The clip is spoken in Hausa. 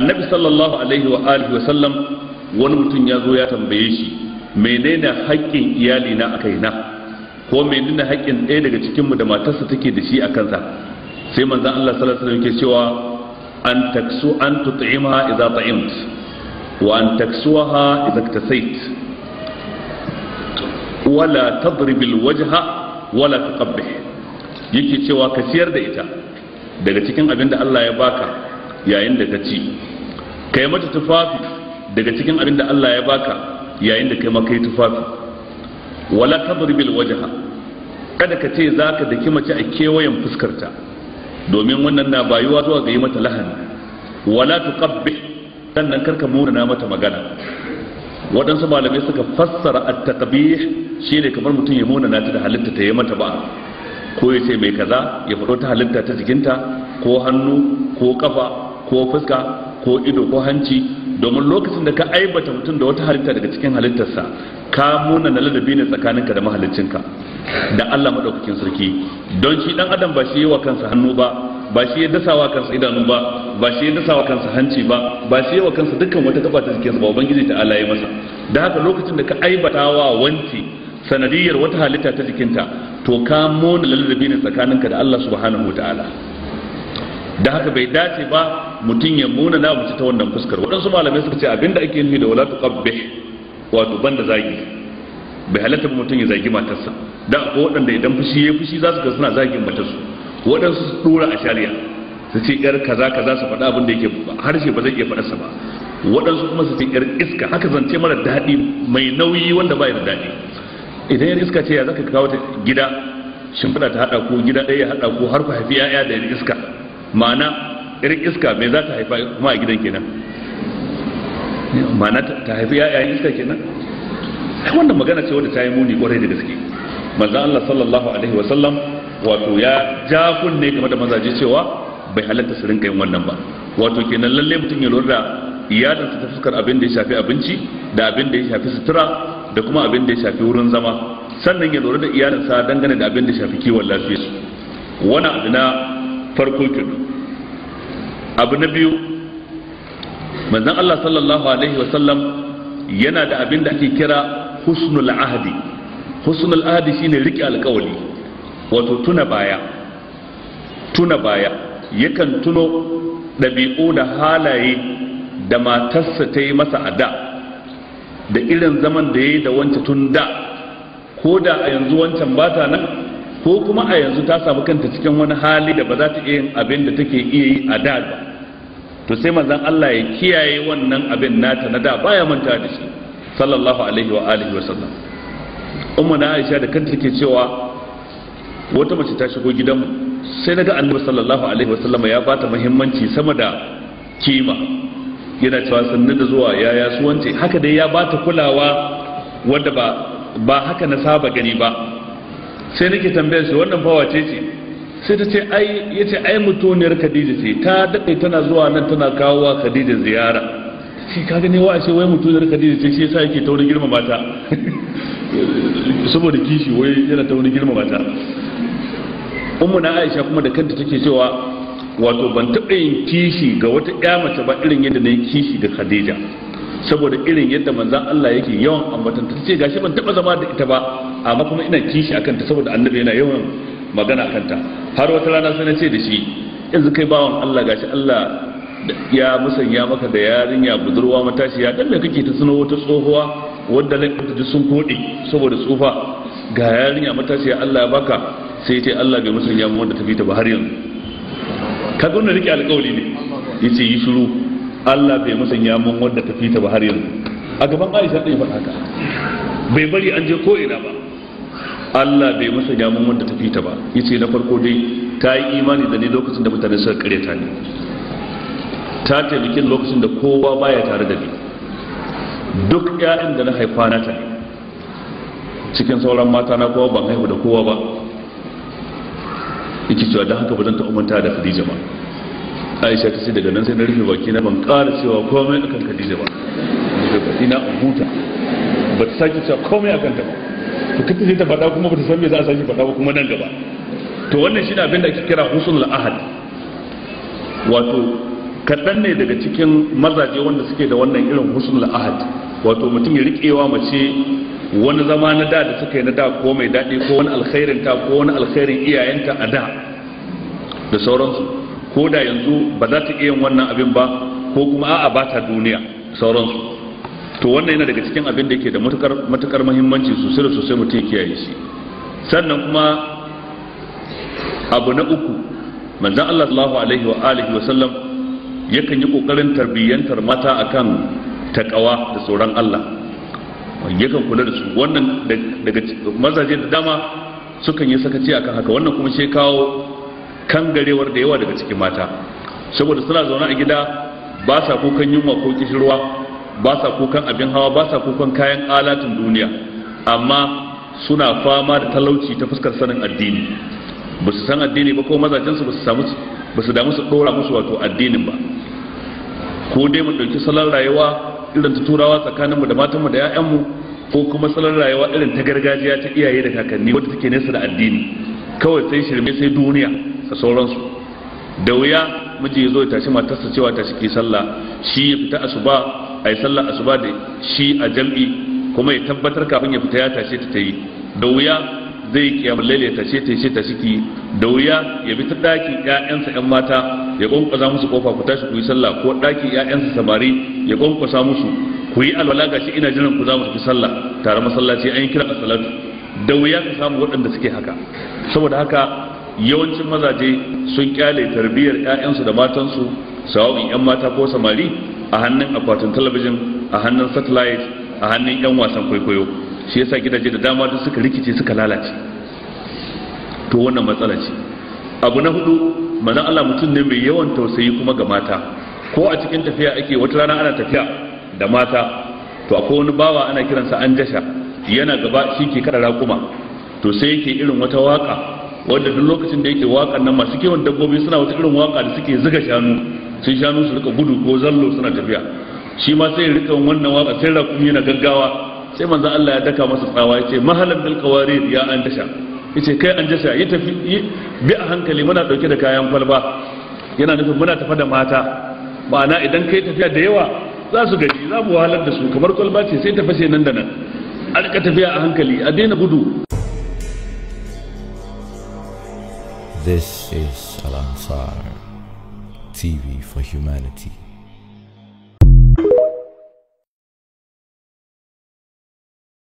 annabi sallallahu alaihi wa alihi wa sallam wani mutum ya zo ya tambaye shi menene haƙƙin iyali na akai na ko menene haƙƙin ɗaya daga cikin mu da matarsa take da shi a kansa sai manzon Allah sallallahu alaihi sallam yake cewa an taksu an tut'ima idza ta'imt wa an taksuha idza iktasait wala tadrib alwajha wala taqabbih yake cewa ka ciyar da ita daga cikin abin da Allah ya baka yayin da ka ci kai mata tufafi daga cikin abin da Allah ya baka yayin da kai maka tufafi wala tadribil wajha kada ka ce zaka daki mace a kewayen fuskarta domin wannan na bayuwa zuwa ga yi mata lahani wala tuqabbi sannan karka murna mata magana waɗansu malamai suka fassara at-taqbih ne kamar mutum ya murna ta da halitta ta yi mata ba ko ya ce mai kaza ya faɗo ta halitta ta jikinta ko hannu ko kafa ko fuska ko ido ko hanci domin lokacin da ka aibata mutum da wata halitta daga cikin halittarsa ka muna na ladabi ne tsakaninka da mahaliccinka da Allah madaukakin sarki don shi dan adam ba shi yi wa kansa hannu ba ba shi ya dasa wa kansa idanu ba ba shi ya dasa wa kansa hanci ba ba shi ya wa kansa dukkan wata gaba ta jikinsa ba ubangiji ta Allah ya masa da haka lokacin da ka aibata wa wanti sanadiyar wata halitta ta jikinta to ka mona ladabi ne tsakaninka da Allah subhanahu wataala da haka bai dace ba mutum ya muna na mace ta wannan fuskar waɗansu malamai suka ce abinda ake nufi da wala tuqabbih wato banda zagi bai halatta ba mutum ya zagi matarsa da akwai waɗanda idan fushi ya fushi za su ga suna zagin matarsu waɗansu su dora a shari'a su ce yar kaza kaza su faɗa abin da yake harshe ba zai iya faɗarsa ba waɗansu kuma su ce yar iska haka zance mara daɗi mai nauyi wanda ba da daɗi idan yar iska ce ya zaka kawo ta gida shimfiɗa ta haɗa ko gida ɗaya ya haɗa ko har ku haifi 'ya'ya da yar iska ma'ana irin iska mai za ta haifa kuma a gidan kenan ma'ana ta haifi yayan iska kenan ai wannan magana ce wadda ta yi muni kwarai da gaske Maza Allah sallallahu alaihi wa sallam wato ya ja kunne game da mazaje cewa bai halatta su rinka yin wannan ba wato kenan lalle mutum ya lura da iyalinsa ta fuskar abin da ya shafi abinci da abin da ya shafi sutura da kuma abin da ya shafi wurin zama sannan ya lura da iyalinsa dangane da abin da ya shafi kiwon lafiya wani abu na farko kenan abu na biyu manzon Allah sallallahu alaihi wa yana da abin da ake kira husnul ahdi husnul ahdi shine rike alkawali wato tuna baya tuna baya yakan tuno ɗabi'u da halaye da matarsa ta yi masa a da da irin zaman da ya yi da wancan tun da ko da a yanzu wancan bata nan ko kuma a yanzu ta samu kanta cikin wani hali da ba za ta iya yin abin da take iya yi a da ba to sai manzon Allah ya kiyaye wannan abin nata na da baya manta da shi sallallahu alaihi wa alihi wa sallam umma na Aisha da kanta take cewa wata mace ta shigo gidanmu sai daga Annabi sallallahu alaihi wa sallam ya bata muhimmanci sama da kima yana cewa sannu da zuwa yaya suwanci haka dai ya bata kulawa wanda ba ba haka na saba gani ba sai nake tambayar su wannan fawa ce ce sai ta ce ai yace ai mutuniyar khadija ce ta dade tana zuwa nan tana kawo wa khadija ziyara shi ka gane wa ce wai mutuniyar khadija ce shi yasa yake taurin girma mata saboda kishi wai yana taurin girma mata ummu na aisha kuma da kanta take cewa wato ban taɓa yin kishi ga wata ƴa mace ba irin yadda na yi kishi ga khadija saboda irin yadda manzon Allah yake yawan ambatanta ta ce gashi ban taɓa zama da ita ba amma kuma ina kishi akan ta saboda annabi yana yawan magana akan ta har wata rana sai na ce da shi yanzu kai bawan Allah gashi Allah ya musanya maka da yarinya budurwa matashi ya dalle kake ta suno wata tsohuwa wanda laifin ta sun kode saboda tsufa ga yarinya matashi ya Allah ya baka sai ce Allah bai musanya mu wanda ta fita ba har yanzu ka ga wannan rike alƙawari ne yace yi shiru Allah bai musanya mu wanda ta fita ba har yanzu a gaban Aisha ya faɗa haka bai bari an je ko ina ba Allah bai masa gyamun wanda ta fita ba yace na farko dai ta yi imani da ni lokacin da mutane suka kare ta ne ta taimakin lokacin da kowa baya tare da ni duk ƴaƴan da na haifa na ta cikin sauran mata na kowa ban haihu da kowa ba yake cewa don haka ba zan taɓa manta da Khadija ba Aisha ta ce daga nan sai na rufe baki na ban ƙara cewa komai akan Khadija ba ina huta ba ta sake cewa komai akan ta ba to kace ta faɗa kuma bata san me za a sake faɗa ba kuma nan gaba to wannan shine abin da ake kira husnul ahad wato kaɗan ne daga cikin mazaje wanda suke da wannan irin husnul ahad wato mutum ya riƙewa mace wani zama na da da suka yi na da ko mai daɗi ko wani alkhairin ta ko wani alkhairin iyayenta a da da sauransu ko da yanzu ba za ta iya yin wannan abin ba ko kuma a'a ba ta duniya sauransu to wannan yana daga cikin abin da yake da matukar matukar muhimmanci sosai da sosai mutum kiyaye shi sannan kuma abu na uku manzon Allah sallallahu alaihi wa alihi wa sallam yakan yi kokarin tarbiyyantar mata akan takawa da tsoron Allah yakan kula da su wannan daga mazaje da dama sukan yi sakaci akan haka wannan kuma sai kawo kangarewar da yawa daga cikin mata saboda suna zaune a gida ba sa kukan yunwa ko kishirwa ba sa kukan abin hawa ba sa kukan kayan alatin duniya amma suna fama da talauci ta fuskar sanin addini ba su san addini ba ko mazajensu ba su samu ba su damu su dora musu wato addinin ba ko dai mu dauki salon rayuwa irin ta turawa tsakaninmu da matanmu da 'ya'yanmu ko kuma salon rayuwa irin ta gargajiya ta iyaye da kakanni wadda take nesa da addini kawai sai shirme sai duniya da sauransu da wuya miji ya zo ya tashi matarsa cewa ta ke sallah shi ya fita asuba a yi sallar asuba da shi a jam'i kuma ya tabbatar kafin ya fita ya tashe ta ta yi da wuya zai kiyamar laila ya tashe ta ta ciki da wuya ya bi ta ɗakin ƴaƴansa ƴan mata ya ƙwanƙwasa musu kofa ku tashi ku yi sallah ko ɗakin ƴaƴansa samari ya ƙwanƙwasa musu ku yi alwala gashi ina jiran ku za mu tafi sallah tare masallaci an yi kira a salatu da wuya ka samu waɗanda suke haka saboda haka yawancin mazaje sun kyale tarbiyyar 'ya'yansu da matansu sawa'in 'yan mata ko samari a hannun akwatin talabijin a hannun satellite a hannun yan wasan kwaikwayo shi yasa gidaje da dama duk suka rikice suka lalace to wannan matsala ce abu na hudu manzon Allah mutum ne mai yawan tausayi kuma ga mata ko a cikin tafiya ake wata rana ana tafiya da mata to akwai wani bawa ana kiransa an jasha yana gaba shi ke kada raƙuma to sai yake irin wata waka wanda duk lokacin da yake wakan nan masu kewan dabbobi suna wata irin waka da suke zuga shanu sai shanu su rika gudu ko zallo suna tafiya shi ma sai rika wannan waka sai rakumi yana gaggawa sai manzo Allah ya daka masa tsawa yace mahalan bil qawarir ya an dasha yace kai an dasha ya tafi bi a hankali muna dauke da kayan kwalba yana nufin muna tafi da mata ma'ana idan kai tafiya da yawa za su gaji za mu wahalar da su kamar kwalba ce sai tafi sai nan da nan a rika tafiya a hankali a daina gudu This is Al TV for Humanity.